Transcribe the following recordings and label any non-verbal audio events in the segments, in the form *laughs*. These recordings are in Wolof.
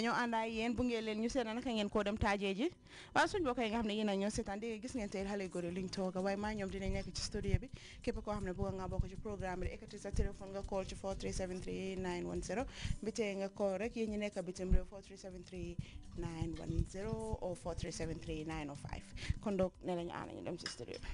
dañoo ànd ak yéen bu ngeen leen ñu seetaan naka ngeen koo dem taajee ji waaye suñ mbokk yi nga xam ne yéen a ñoo seetaan dégg gis ngeen tey xale góor yi liñ waaye maa ñoom dinañ nekk ci studio bi képp koo xam ne bëgg nga bokk ci programme bi ekkati nga call ci 4373910 nga call rek yéen ñi nekk bitim réew 4373910 kon doog ne ànd ñu dem ci studio bi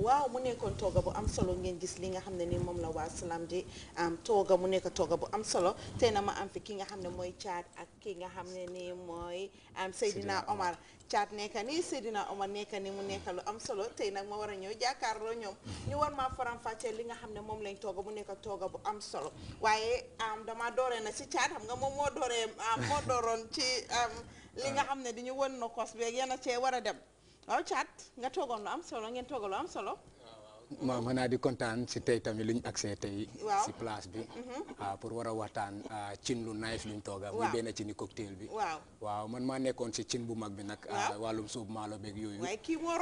waaw mu nekkoon tooga bu am solo ngeen gis li nga xam ne ni moom la waa salaam di am tooga mu nekk tooga bu am solo tey na ma am ki nga xam ne mooy caat ak ki nga xam ne ni mooy am Seydina Omar caat nekka ni Seydina Omar nekka ni mu nekka lu am solo tey nag ma war a ñëw jàkkaarloo ñoom mm-hmm. ñu war maa faram-fàccee li nga xam ne moom lañ tooga mu nekk tooga bu am solo waaye am dama dooree na si caat nga moom moo dooree moo dooroon ci *laughs* li nga xam ne di diñu won na kos yan a cee war a dem waaw Thiat nga toogoon lu am solo ngeen toogoon lu am solo. ma mën naa di kontaan si tey tamit lu ñu accès tey si place bi mhm. ah, pour war a waxtaan ah, cin lu nice luñ tooga muy benn ci ni cocktail bi waaw man maa nekkoon si cin bu mag bi nag ah, wàllum suub maalo beeg yooyu waaye kii moo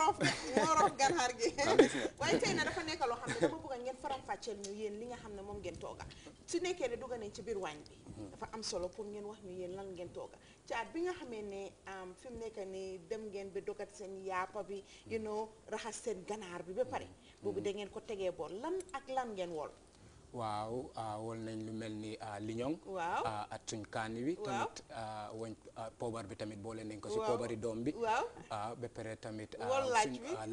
ganaar gi *laughs* waaye tey na dafa nekk loo xam ne dama bëgg ngeen faram fàcceel ñu yéen li nga xam ne moom ngeen tooga su nekkee ne dugg nañ ci biir waañ bi mhm. dafa am solo pour ngeen wax ñu yéen lan ngeen tooga ci at bi nga xamee ne fi nekk ni dem ngeen bi dogat seen yaapa bi you know raxas seen ganaar bi ba pare mhm. boobu da ngeen ko tegee boor lan ak lan ngeen wol waaw wol nañ lu mel ni liñoŋ waaw ak suñ kaani wi tamit woñ poobar bi tamit boole nañ ko si poobari doom bi waaw ba pare tamit wol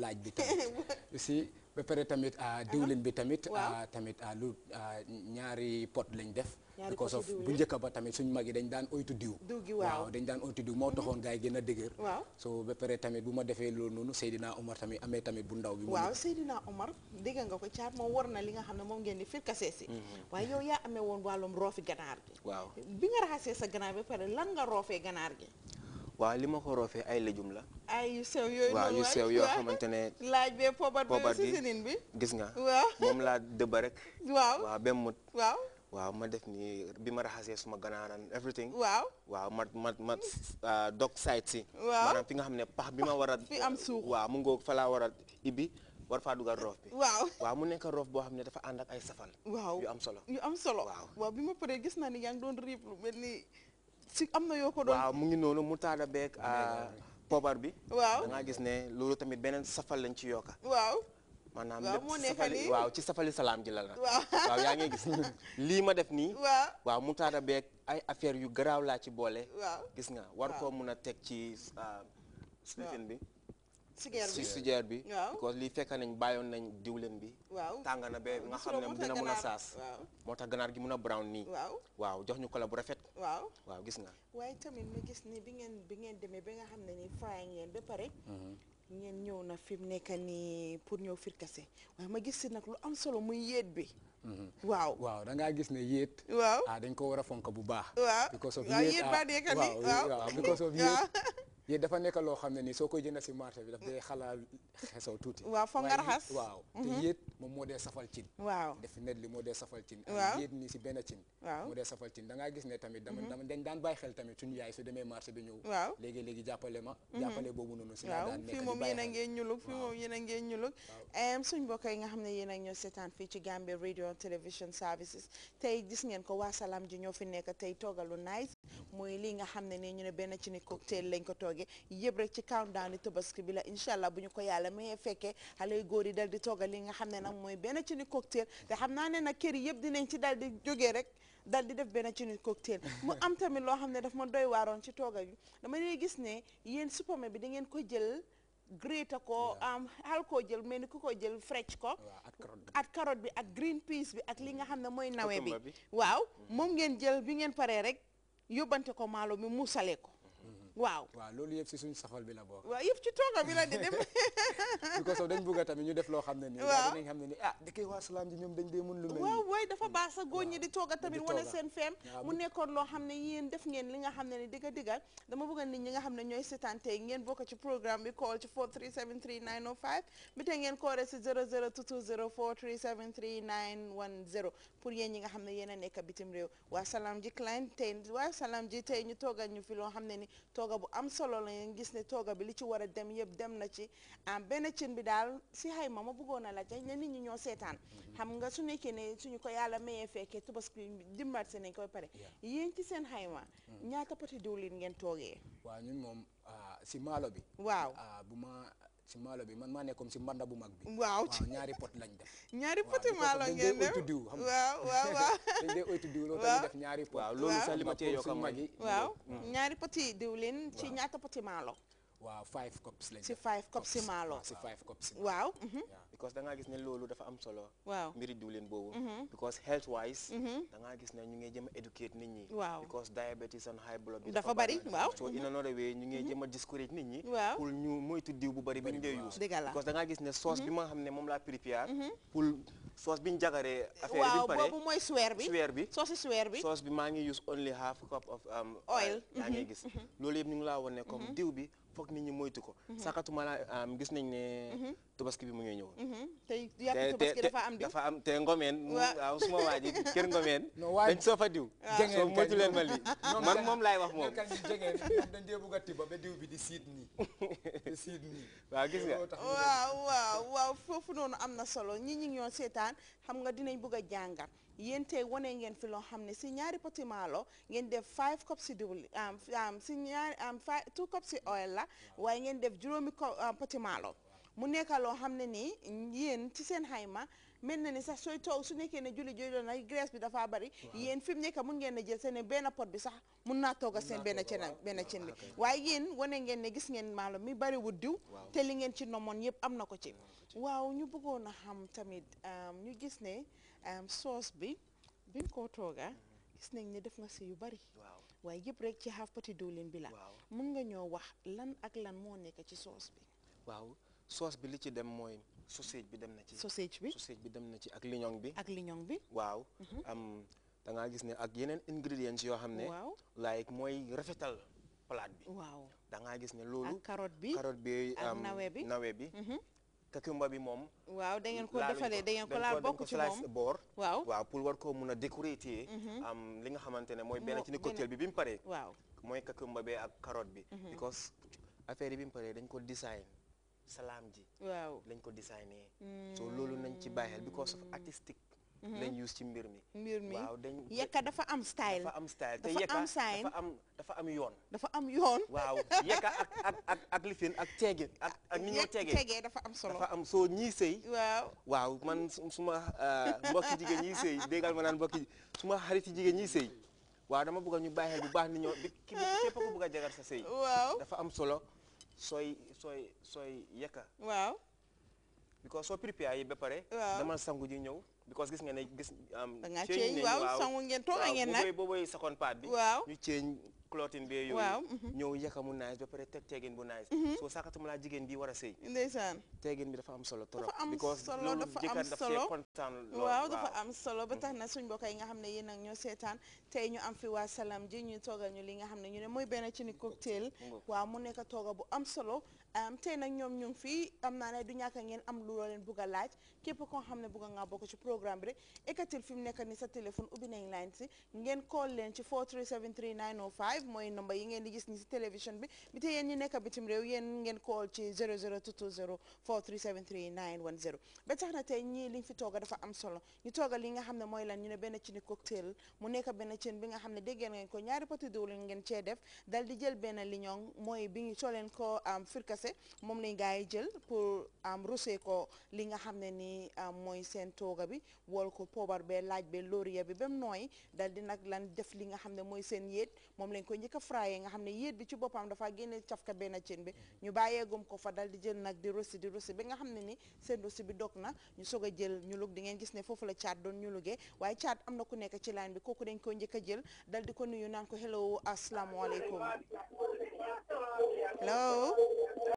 laaj bi tamit *laughs* si ba pare tamit diwlin bi tamit tamit lu ñaari pot lañ def because of bu njëkk ba tamit suñ mag yi dañ daan oytu diw waaw dañ daan oytu diw moo taxoon gars yi gën a dëgër waaw so ba pare tamit bu ma defee loolu noonu Seydina Omar tamit amee tamit bu ndaw bi waaw Seydina Omar dégg nga ko caat moom war na li nga xam ne moom ngeen di firkasee si mm-hmm. waaye yow woon wàllum roofi ganaar gi waaw bi nga raxasee sa ganaar ba pare lan nga roofee ganaar gi waaw li ma ko roofee ay lëjum la ay yu sew yooyu waaw yu sew yoo xamante ne *laughs* laaj bee poobar bi gis nga moom laa dëbba rek waaw waaw ba mut waaw waaw ma def nii bi ma raxasee suma ganaar and everything. waaw waaw ma ma ma ah, dog site si. waaw maanaam fi nga xam ne pax bi ma war a. fi am suuf waaw mu ngoog fa laa war war faa roof bi. waaw waaw mu nekk roof boo xam ne dafa ànd ak ay safal. waaw yu am solo yu am solo. waaw waaw bi ma paree gis naa ni yaa ngi doon riib lu mel ni si am na yoo ko doon. waaw mu ngi noonu mu beeg. Ah, poobar bi. waaw da gis ne loolu tamit beneen safal lañ ci yokka. maanaam lépp waaw ci safali salaam ji la la waaw *laughs* yaa ngi gis lii ma def nii waaw waaw mu taada beeg ay affaire yu garaaw laa ci boole waaw gis nga war koo mun a teg ci ah, sifin bi si sujeer bi because lii fekk nañ bàyyoon nañ diwlin bi tàng na ba xam ne dina mun a saas moo tax gi mun a brown nii waaw jox ñu kola bu rafet waaw waaw waaye tamit ma gis ni bi ngeen bi ngeen demee ba nga xam ne ni fay ngeen ba pare mm-hmm. ngeen ñëw na fi mu nekk nii pour ñëw firkase waaye ma gis si nag lu am solo muy yéet bi. Mhm. waaw waaw da gis ne yéet. waaw ah dañ ko war a fonk bu baax. waaw waaw ah. baa nekk waaw because of *laughs* yéet yii dafa nekk loo xam ne nii soo koy jënd si marché bi daf dee xalaat xesaw tuuti waaw foog nga raxas waaw te mhm. yéet moom moo dee safal cin waaw def net li moo dee safal cin ak yéet nii si benn cin waaw moo dee safal cin da ngaa gis ne tamit dama mhm. dama dañ daan bàyyi xel tamit suñu yaay su demee marché bi ñëw waaw léegi léegi jàppale ma mhm. jàppale boobu noonu si waaw fii moom yéen a ngeen ñulug fii moom yéen a ngeen ñulug suñ mbokk yi nga xam ne yéen a ñoo seetaan fii ci Gambia radio television services tey gis ngeen ko waa Salam ji ñoo fi nekk tey toogalu nice mooy lii nga xam ne nii ñu ne benn ci ni cocktail lañ ko toog togge yëpp rek ci countdown yi tabaski bi la incha allah bu ñu ko yàlla mayee fekkee xale yu góor yi dal di togga li nga xam ne nag mooy benn ci ni cocktail te xam naa ne nag kër yi yëpp dinañ ci dal di jógee rek dal di def benn ci ni cocktail mu am tamit loo xam ne daf ma doy waaroon ci togga bi dama dee gis ne yéen supame bi da ngeen ko jël grate ko xal koo jël mel ni ku ko jël frecc ko ak carotte bi ak green peas bi ak li nga xam ne mooy nawe bi waaw mm. moom ngeen jël bi ngeen paree rek yóbbante ko maalo mi muusale ko waaw waaw loolu yëpp si suñu safal bi la bokk waaw yëpp ci tooga bi la di dem *laughs* because ñu def loo xam ne nii waaw dinañ xam ne nii ah dëkk waa salaam ji ñoom dañ dee waaw dafa baax sa ñi di tooga tamit wane seen feem nekkoon loo xam ne yéen def ngeen li nga xam ne ni digga digga dama bëgg nit ñi nga xam ne ñooy seetaan tey ngeen bokk ci programme bi call ci 4373905 bi te ngeen koore si 0022043733910 pour yéen ñi nga xam ne yéen a nekk bitim réew waa salaam ji client tey waa salaam ji tey ñu toogal ñu fi loo xam ne ni tooga bu am solo la ngeen gis ne tooga bi li ci war a dem yëpp dem na ci am benn cin bi daal si xayma ma bëggoon a la te nit ñi ñoo seetaan xam nga su nekkee ne suñu ko yàlla mayee fekkee tubaski dimbaat se nañ koy pare yéen ci seen xayma mm. ñaata poti diwlin ngeen toogee waa ñun moom ah, si maalo bi waaw ah, si maalo bi man maa nekkoon si mbanda bu mag bi. waaw ñaari pot lañ def. ñaari poti maalo ngeen def waaw waaw waaw *laughs* dañ dee oytu diw loolu ñaari pot. waaw loolu sax ma cee yokk a mag yi waaw ñaari poti diwlin ci ñaata poti maalo. waaw five cups lañ si five cups si maalo waaw mhm. because da gis ne loolu dafa am solo waaw mbiri diwlin boobu mhm. because health wise mhm. da ngaa gis ne ñu ngi jëm a educate nit ñi waaw because diabetes and high blood bi dafa bari waaw so in another way ñu ngi jëm a discourage nit ñi waaw pour ñu moytu diw bu bari bi ñu dee use because da gis ne sauce bi ma xam ne moom laa prépare pour sauce bi ñu jagaree affaire bi pare waaw boobu mooy suweer bi suweer bi sauce bi sauce bi maa ngi use only half cup of um, oil yaa ngi gis loolu yëpp ñu ngi laa wone comme diw bi foog nit ñi moytu ko. Mhm. sakatuma la gis nañ ne. Mhm. tabaski bi mu ngi ñëw. Mhm. tey yàpp tabaski dafa am diw dafa am te ngomeen. waaw *laughs* soo fa diw. soo moytu leen ma lii man moom laay wax moom. dañ *laughs* dee bugg a ba diw bi di siit nii di siit nii. waaw gis nga waaw waaw foofu noonu am na solo ñi ñi ñoo seetaan xam nga dinañ bugg a jàngat. yéen tey wone ngeen fi loo xam ne si ñaari poti maalo ngeen def five cups si diwlin si ñaari five two cups si oil la waaye ngeen def juróomi ah, poti maalo mu nekk loo xam ne nii yéen ci seen xayma mel na ni sax sooy toog su nekkee ne julli jooju na graisse bi dafa bari yéen fi mu nekk mun ngeen a jël seen benn pot bi sax mun naa tooga seen benn cen benn cen bi ah, waaye yéen wone ngeen ne gis ngeen maalo mi bariwul diw te li ngeen ci nomoon yëpp am na ko ci waaw ñu bëggoon a tamit ñu gis ne soos bi biñ koo tooga gis nañ ni def nga si yu bari waaye yëpp rek ci xaaf pati bi la mun nga ñoo wax lan ak lan moo nekk ci soos bi waaw soos bi li ci dem mooy sausage bi dem na ci sausage bi sausage bi dem na ci ak liñong bi ak liñong bi waaw mhm. am gis ne ak yeneen ingrédients yoo xam ne like mooy rafetal palaat bi waaw da ngaa gis ne loolu carotte bi carotte bi nawe bi nawe bi mhm. kakumba bi moom. waaw da ngeen ko defalee da ngeen ko laal bokk ci moom boor. waaw waaw pour war ko mun a décorer. Mhm. am li nga xamante ne mooy benn ci ni cocktail bi bi mu paree. waaw mooy kakumba bi ak carotte bi. Mhm. because affaire yi bi mu paree dañ ko design salaam ji. waaw lañ ko designé. Mm. so loolu nañ ci bàyyi because of artistic. Mm-hmm. lañ use ci mbir mi. mbir mi waaw dañ yekka dafa am style. dafa am style te yekka dafa am dafa am yoon. dafa am yoon. waaw yekka ak ak ak ak lifin ak teege ak ak ni ñoo teege dafa am solo am soo ñii sëy. waaw waaw man suma euh, mbokki jigéen ñii sëy déggal ma naan mbokki suma xarit jigéen ñii sëy waaw dama bëgg ñu bàyyi bu baax ni ñoo képp ku bëgg a jagar sa dafa am solo sooy sooy sooy yekka. waaw. because soo prépare yi ba pare. waaw dama sangu ji ñëw. because gis nga ne gis. da ngaa change waaw sangu ngeen tooga ngeen nag waaw second part bi. waaw ñu change clothing bee yooyu. waaw mhm. ñëw yàkka mu nice ba pare teg teegin bu nice. Mhm. soo saakatuma laa jigéen bi war a sëy. ndeysaan teegin bi dafa am solo trop. dafa am solo dafa am solo waaw am solo ba tax na mhm. suñ mbokk yi nga xam ne yéen ak ñoo seetaan tey ñu am fi waa Salam ji ñu toogal ñu li nga xam ne ñu ne mooy benn ci ni cocktail. waaw mu nekk tooga bu am solo tey nag ñoom ñu ngi fii am naa ne du ñàkk ngeen am lu leen bugg laaj képp koo xam ne bugg nga bokk ci programme bi rek ekkatil fi mu nekk ni sa téléphone ubbi nañ line si ngeen call leen ci 4373905 mooy number yi ngeen di gis ni ba tax na tey ñii liñ fi tooga dafa am solo ñu tooga li nga xam ne mooy lan ñu ne benn ci ni cocktail mu nekk benn cin bi nga xam ne déggeen ngeen ko ñaari poti diwlin ngeen cee dal di jël benn liñong mooy bi soo leen ko firkas commencé moom lañ gaa yi jël pour am rosé ko li nga xam ne nii mooy seen tooga bi wol ko poobar bee laaj bee loria bi ba mu nooy dal di nag lan def li nga xam ne mooy seen yéet moom lañ koy njëkk a fraye nga xam ne yéet bi ci boppam dafa génne cafka benn cin bi ñu bàyyeegum ko fa dal di jël nag di rosé di rosé ba nga xam ne nii seen rosé bi dog na ñu soog a jël ñulug di ngeen gis ne foofu la caat doon ñulugee waaye caat am na ku nekk ci line bi kooku dañ koy njëkk a jël dal di ko nuyu naan ko hello asalaamualeykum lo